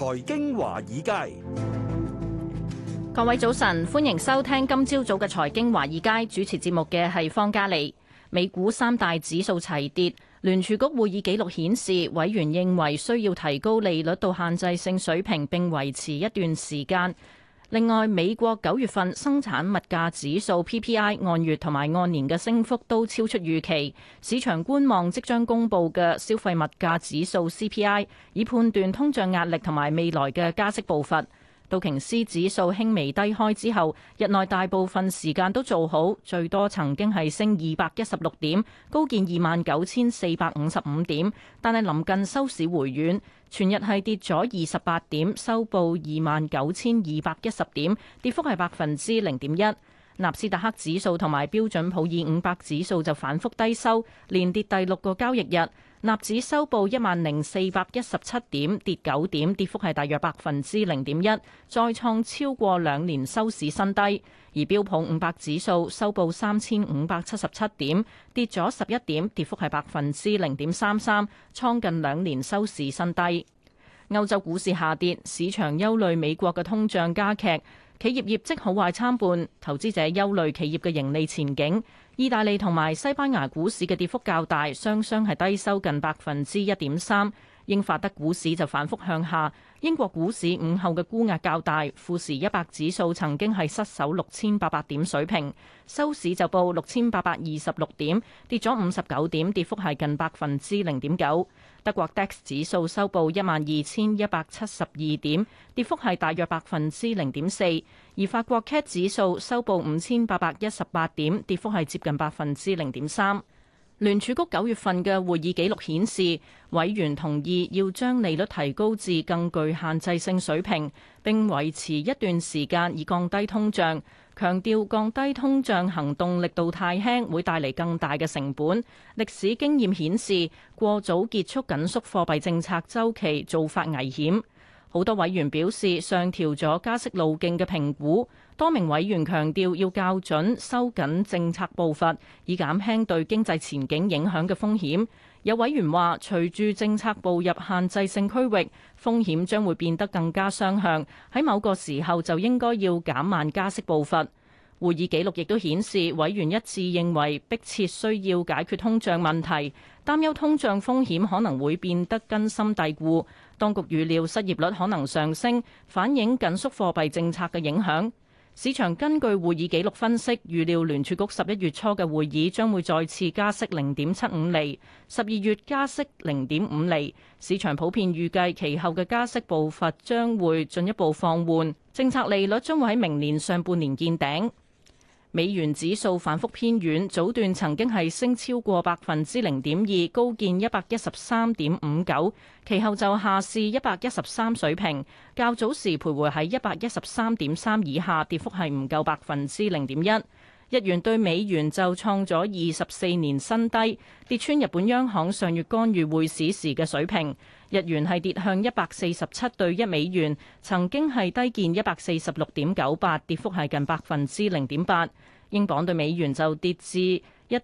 財經華爾街，各位早晨，歡迎收聽今朝早嘅財經華爾街，主持節目嘅係方嘉莉。美股三大指數齊跌，聯儲局會議記錄顯示，委員認為需要提高利率到限制性水平，並維持一段時間。另外，美國九月份生產物價指數 PPI 按月同埋按年嘅升幅都超出預期，市場觀望即將公布嘅消費物價指數 CPI，以判斷通脹壓力同埋未來嘅加息步伐。道瓊斯指數輕微低開之後，日內大部分時間都做好，最多曾經係升二百一十六點，高見二萬九千四百五十五點，但係臨近收市回軟，全日係跌咗二十八點，收報二萬九千二百一十點，跌幅係百分之零點一。納斯達克指數同埋標準普爾五百指數就反覆低收，連跌第六個交易日。納指收報一萬零四百一十七點，跌九點，跌幅係大約百分之零點一，再創超過兩年收市新低。而標普五百指數收報三千五百七十七點，跌咗十一點，跌幅係百分之零點三三，創近兩年收市新低。歐洲股市下跌，市場憂慮美國嘅通脹加劇。企業業績好壞參半，投資者憂慮企業嘅盈利前景。意大利同埋西班牙股市嘅跌幅較大，雙雙係低收近百分之一點三。英法德股市就反覆向下。英國股市午後嘅沽壓較大，富時一百指數曾經係失守六千八百點水平，收市就報六千八百二十六點，跌咗五十九點，跌幅係近百分之零點九。德國 DAX 指數收報一萬二千一百七十二點，跌幅係大約百分之零點四；而法國 CAC 指數收報五千八百一十八點，跌幅係接近百分之零點三。聯儲局九月份嘅會議記錄顯示，委員同意要將利率提高至更具限制性水平，並維持一段時間以降低通脹。強調降低通脹行動力度太輕會帶嚟更大嘅成本。歷史經驗顯示，過早結束緊縮貨幣政策週期做法危險。好多委員表示上調咗加息路徑嘅評估，多名委員強調要校準收緊政策步伐，以減輕對經濟前景影響嘅風險。有委員話，隨住政策步入限制性區域，風險將會變得更加雙向，喺某個時候就應該要減慢加息步伐。會議記錄亦都顯示，委員一致認為迫切需要解決通脹問題，擔憂通脹風險可能會變得根深蒂固。當局預料失業率可能上升，反映緊縮貨幣政策嘅影響。市場根據會議記錄分析，預料聯儲局十一月初嘅會議將會再次加息零點七五厘，十二月加息零點五厘。市場普遍預計其後嘅加息步伐將會進一步放緩，政策利率將會喺明年上半年見頂。美元指數反覆偏軟，早段曾經係升超過百分之零點二，高見一百一十三點五九，其後就下試一百一十三水平。較早時徘徊喺一百一十三點三以下，跌幅係唔夠百分之零點一。日元兌美元就創咗二十四年新低，跌穿日本央行上月干預匯市時嘅水平。日元係跌向一百四十七對一美元，曾經係低見一百四十六點九八，跌幅係近百分之零點八。英鎊對美元就跌至一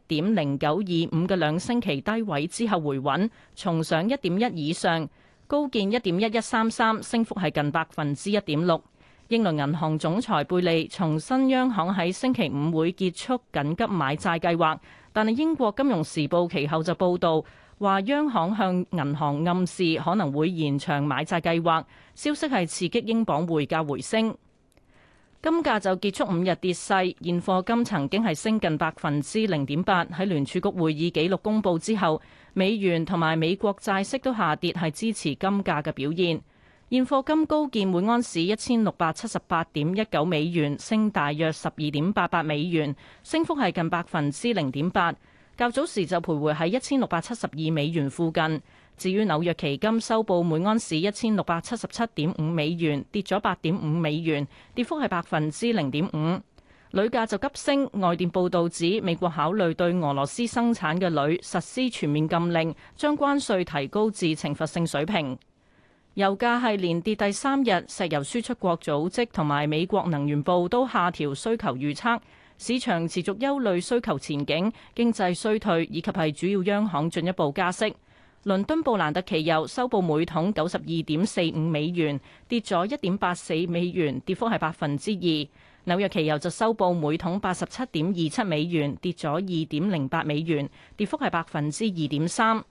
點零九二五嘅兩星期低位之後回穩，重上一點一以上，高見一點一一三三，升幅係近百分之一點六。英倫銀行總裁貝利重申央行喺星期五會結束緊急買債計劃，但係英國金融時報其後就報道話央行向銀行暗示可能會延長買債計劃，消息係刺激英鎊匯價回升。金價就結束五日跌勢，現貨金曾經係升近百分之零點八。喺聯儲局會議紀錄公布之後，美元同埋美國債息都下跌，係支持金價嘅表現。現貨金高見每安士一千六百七十八點一九美元，升大約十二點八八美元，升幅係近百分之零點八。較早時就徘徊喺一千六百七十二美元附近。至於紐約期金收報每安士一千六百七十七點五美元，跌咗八點五美元，跌幅係百分之零點五。鋁價就急升，外電報道指美國考慮對俄羅斯生產嘅鋁實施全面禁令，將關稅提高至懲罰性水平。油價係連跌第三日，石油輸出國組織同埋美國能源部都下調需求預測，市場持續憂慮需求前景，經濟衰退以及係主要央行進一步加息。倫敦布蘭特期油收報每桶九十二點四五美元，跌咗一點八四美元，跌幅係百分之二。紐約期油就收報每桶八十七點二七美元，跌咗二點零八美元，跌幅係百分之二點三。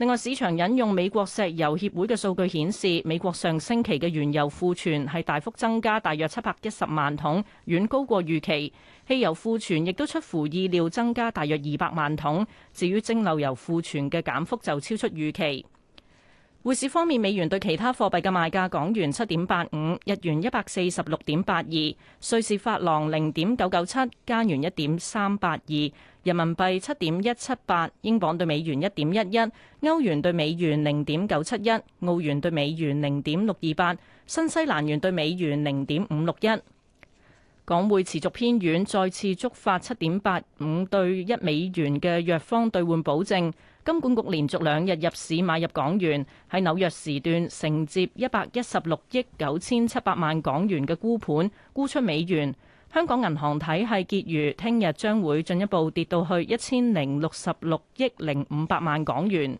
另外，市場引用美國石油協會嘅數據顯示，美國上星期嘅原油庫存係大幅增加，大約七百一十萬桶，遠高過預期。汽油庫存亦都出乎意料增加，大約二百萬桶。至於蒸餾油庫存嘅減幅就超出預期。匯市方面，美元對其他貨幣嘅賣價：港元七點八五，日元一百四十六點八二，瑞士法郎零點九九七，加元一點三八二，人民幣七點一七八，英鎊對美元一點一一，歐元對美元零點九七一，澳元對美元零點六二八，新西蘭元對美元零點五六一。港匯持續偏軟，再次觸發七點八五對一美元嘅弱方兌換保證。金管局連續兩日入市買入港元，喺紐約時段承接一百一十六億九千七百萬港元嘅沽盤，沽出美元。香港銀行體系結餘聽日將會進一步跌到去一千零六十六億零五百萬港元。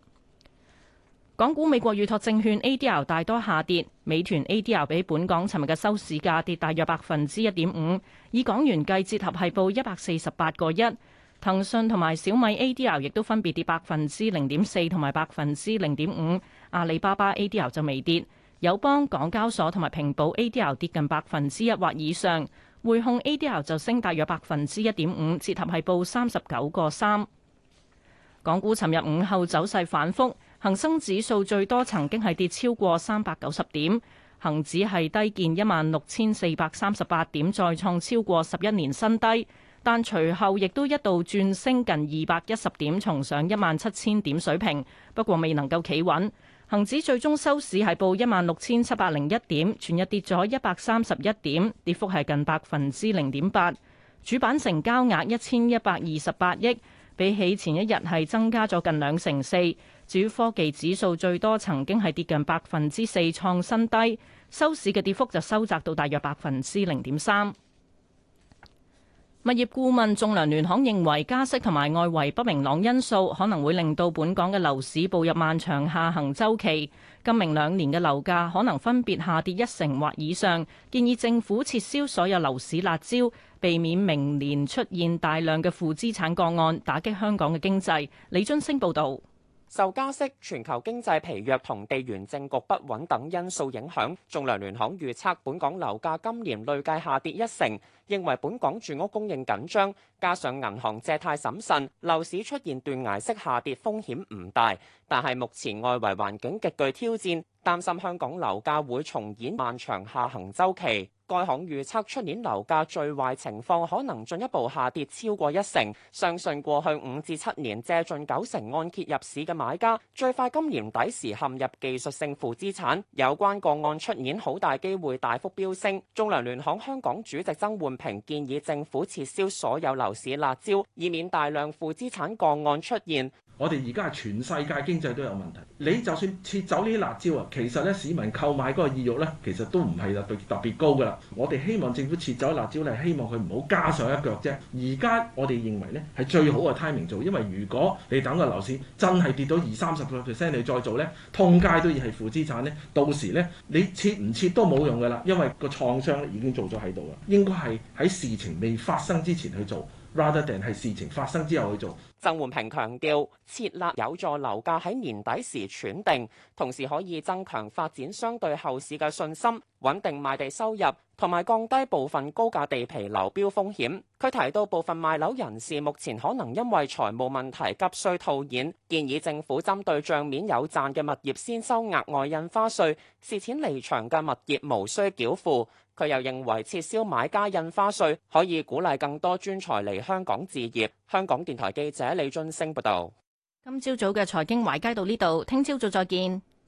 港股美國預託證券 ADR 大多下跌，美團 ADR 比本港尋日嘅收市價跌大約百分之一點五，以港元計，折合係報一百四十八個一。騰訊同埋小米 ADR 亦都分別跌百分之零點四同埋百分之零點五，阿里巴巴 ADR 就未跌，友邦、港交所同埋平保 ADR 跌近百分之一或以上，匯控 ADR 就升大約百分之一點五，折合係報三十九個三。港股尋日午後走勢反覆，恒生指數最多曾經係跌超過三百九十點，恒指係低見一萬六千四百三十八點，再創超過十一年新低。但隨後亦都一度轉升近二百一十點，重上一萬七千點水平。不過未能夠企穩，恒指最終收市係報一萬六千七百零一點，全日跌咗一百三十一點，跌幅係近百分之零點八。主板成交額一千一百二十八億，比起前一日係增加咗近兩成四。至於科技指數最多曾經係跌近百分之四，創新低，收市嘅跌幅就收窄到大約百分之零點三。物業顧問仲量聯行認為，加息同埋外圍不明朗因素可能會令到本港嘅樓市步入漫長下行周期。今明兩年嘅樓價可能分別下跌一成或以上，建議政府撤銷所有樓市辣招，避免明年出現大量嘅負資產個案，打擊香港嘅經濟。李津升報道。受加息、全球經濟疲弱同地緣政局不穩等因素影響，仲量聯行預測本港樓價今年累計下跌一成，認為本港住屋供應緊張，加上銀行借貸審慎，樓市出現斷崖式下跌風險唔大。但係目前外圍環境極具挑戰，擔心香港樓價會重演漫長下行周期。該行預測，出年樓價最壞情況可能進一步下跌超過一成，相信過去五至七年借盡九成按揭入市嘅買家，最快今年底時陷入技術性負資產，有關個案出現好大機會大幅飆升。仲量聯行香港主席曾煥平建議政府撤銷所有樓市辣招，以免大量負資產個案出現。我哋而家係全世界經濟都有問題。你就算撤走呢啲辣椒啊，其實咧市民購買嗰個意欲咧，其實都唔係特別特別高噶啦。我哋希望政府撤走辣椒咧，希望佢唔好加上一腳啫。而家我哋認為咧，係最好嘅 timing 做，因為如果你等個樓市真係跌到二三十個 percent，你再做咧，通街都係負資產咧，到時咧你撤唔撤都冇用噶啦，因為個創傷已經做咗喺度啦。應該係喺事情未發生之前去做。rather than 係事情發生之後去做。曾煥平強調，設立有助樓價喺年底時喘定，同時可以增強發展商對後市嘅信心，穩定賣地收入。同埋降低部分高價地皮流標風險。佢提到部分賣樓人士目前可能因為財務問題急需套現，建議政府針對賬面有賺嘅物業先收額外印花稅，蝕錢離場嘅物業無需繳付。佢又認為撤銷買家印花稅可以鼓勵更多專才嚟香港置業。香港電台記者李津升報道。今朝早嘅財經華爾街到呢度，聽朝早再見。